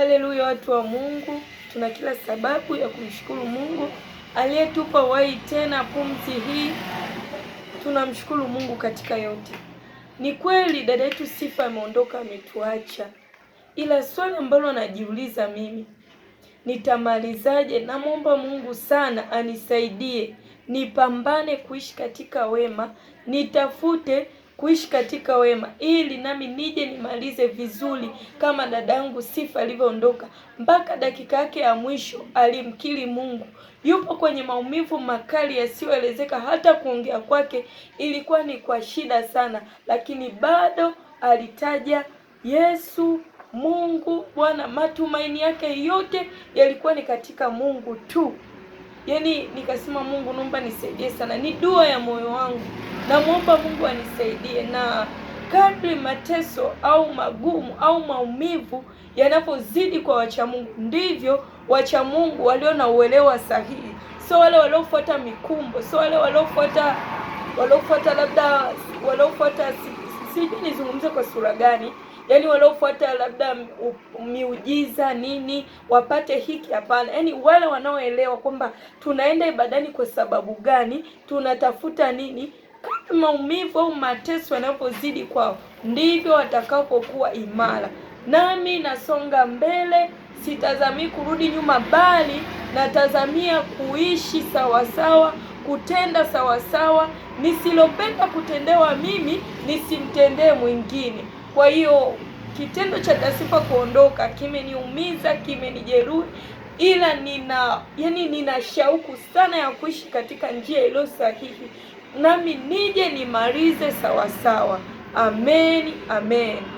Haleluya, watu wa Mungu, tuna kila sababu ya kumshukuru Mungu aliyetupa uhai tena pumzi hii. Tunamshukuru Mungu katika yote. Ni kweli dada yetu Sifa ameondoka, ametuacha, ila swali ambalo najiuliza mimi, nitamalizaje? Namwomba Mungu sana anisaidie, nipambane kuishi katika wema, nitafute kuishi katika wema, ili nami nije nimalize vizuri kama dadangu Sifa alivyoondoka. Mpaka dakika yake ya mwisho alimkiri Mungu. Yupo kwenye maumivu makali yasiyoelezeka, hata kuongea kwake ilikuwa ni kwa shida sana, lakini bado alitaja Yesu, Mungu Bwana. Matumaini yake yote yalikuwa ni katika Mungu tu yani nikasema Mungu naomba nisaidie sana, ni dua ya moyo wangu, namwomba Mungu anisaidie na kadri mateso au magumu au maumivu yanapozidi kwa wacha Mungu ndivyo wacha Mungu walio na uelewa sahihi, sio wale waliofuata mikumbo, sio wale waliofuata waliofuata labda waliofuata, sijui nizungumze kwa sura gani yani waliofuata labda miujiza nini wapate hiki, hapana. Yani wale wanaoelewa kwamba tunaenda ibadani kwa sababu gani, tunatafuta nini kama maumivu au mateso yanapozidi kwao ndivyo watakapokuwa imara. Nami nasonga mbele, sitazamii kurudi nyuma, bali natazamia kuishi sawasawa, kutenda sawasawa. Nisilopenda kutendewa mimi nisimtendee mwingine. Kwa hiyo kitendo cha Tasifa kuondoka kimeniumiza, kimenijeruhi, ila nina yani, nina shauku sana ya kuishi katika njia iliyo sahihi, nami nije nimalize sawasawa. Amen, amen.